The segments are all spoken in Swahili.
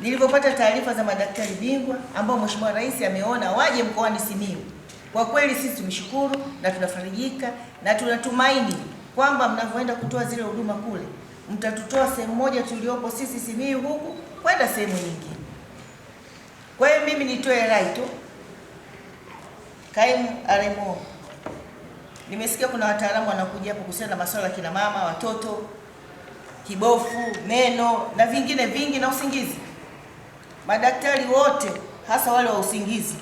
nilivyopata taarifa za madaktari bingwa ambao Mheshimiwa Rais ameona waje mkoani Simiyu, kwa kweli sisi tumshukuru na tunafarijika na tunatumaini kwamba mnavyoenda kutoa zile huduma kule mtatutoa sehemu moja tuliopo sisi Simiyu huku kwenda sehemu nyingine. Kwa hiyo mimi nitoe rai tu, kaimu RMO, nimesikia kuna wataalamu wanakuja hapo kuhusiana na masuala ya kina mama, watoto, kibofu, meno na vingine vingi na usingizi madaktari wote hasa wale wa usingizi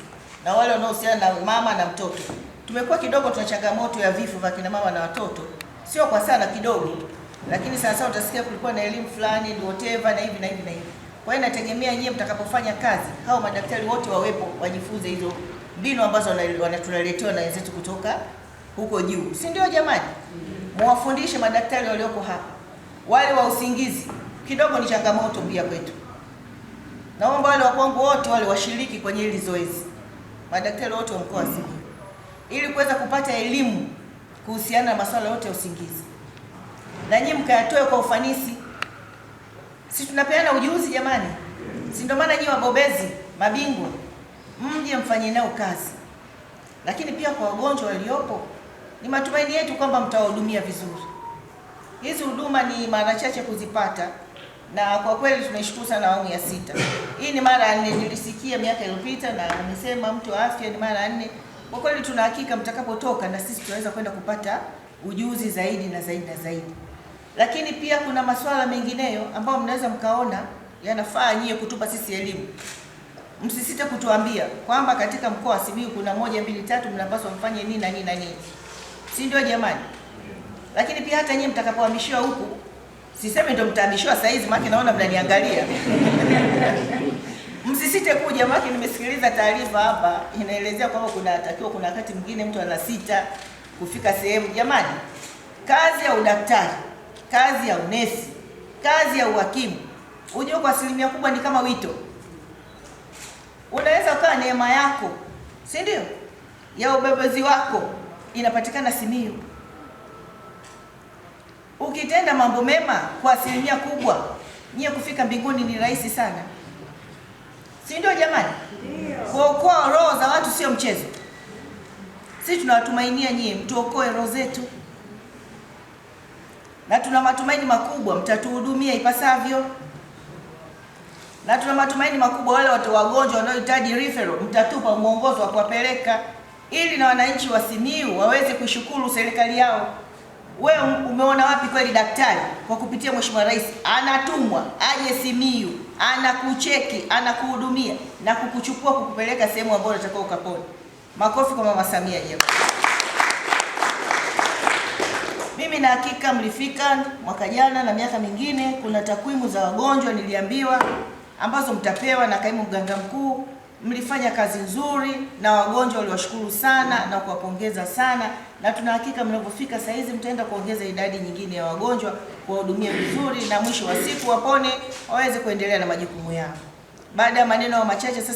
na wale wanaohusiana na mama na mtoto, tumekuwa kidogo tuna changamoto ya vifo vya kina mama na watoto, sio kwa sana, kidogo, lakini sana sana utasikia kulikuwa na elimu fulani ndio whatever na hivi na hivi na hivi. Kwa hiyo nategemea nyie mtakapofanya kazi, hao madaktari wote wawepo, wajifunze hizo mbinu ambazo tunaletewa na wenzetu kutoka huko juu, si ndio? Jamani, muwafundishe madaktari walioko hapa. Wale wa usingizi kidogo ni changamoto pia kwetu. Naomba wale wakwangu wote wale washiriki kwenye hili zoezi, madaktari wote wa mkoa wa Simiyu, ili kuweza kupata elimu kuhusiana na masuala yote ya usingizi, na nyinyi mkayatoe kwa ufanisi. Si tunapeana ujuzi jamani? Si ndio maana nyinyi wabobezi, mabingwa, mje mfanye nao kazi. Lakini pia kwa wagonjwa waliopo, ni matumaini yetu kwamba mtawahudumia vizuri. Hizi huduma ni mara chache kuzipata na kwa kweli tunaishukuru sana awamu ya sita. Hii ni mara ya nne, nilisikia miaka iliyopita na amesema mtu wa afya ni mara ya nne. Kwa kweli tuna hakika mtakapotoka na sisi tunaweza kwenda kupata ujuzi zaidi na zaidi na zaidi, lakini pia kuna masuala mengineyo ambayo mnaweza mkaona yanafaa nyie kutupa sisi elimu. Msisite kutuambia kwamba katika mkoa wa Simiyu kuna moja mbili tatu, mnapaswa mfanye nini na nini na nini, si ndio jamani? Lakini pia hata nyie mtakapohamishiwa huku Sisemi ndo mtabishiwa saa hizi, maki naona mnaniangalia msisite kuja, maki, nimesikiliza taarifa hapa inaelezea kwamba atakiwa kuna wakati mwingine mtu anasita kufika sehemu. Jamani, kazi ya udaktari, kazi ya unesi, kazi ya uhakimu, unajua kwa asilimia kubwa ni kama wito. Unaweza ukawa neema yako, si ndio, ya ubebezi wako inapatikana Simiyu. Ukitenda mambo mema kwa asilimia kubwa, nyie kufika mbinguni ni rahisi sana, si ndio? Jamani, kuokoa roho za watu sio mchezo. Sisi tunawatumainia nyie mtuokoe roho zetu, na tuna matumaini makubwa mtatuhudumia ipasavyo, na tuna matumaini makubwa wale watu wagonjwa wanaohitaji referral, mtatupa mwongozo wa kuwapeleka, ili na wananchi wa Simiyu waweze kushukuru serikali yao wewe um, umeona wapi kweli daktari kwa kupitia mheshimiwa rais anatumwa aje Simiyu, anakucheki anakuhudumia na kukuchukua kukupeleka sehemu ambayo unatakiwa ukapona? Makofi kwa mama Samia Hiyo Mimi na hakika mlifika mwaka jana na miaka mingine, kuna takwimu za wagonjwa niliambiwa, ambazo mtapewa na kaimu mganga mkuu mlifanya kazi nzuri na wagonjwa waliwashukuru sana na kuwapongeza sana, na tuna hakika mnapofika saa hizi mtaenda kuongeza idadi nyingine ya wagonjwa kuwahudumia vizuri, na mwisho wa siku wapone waweze kuendelea na majukumu yao. Baada ya maneno machache sasa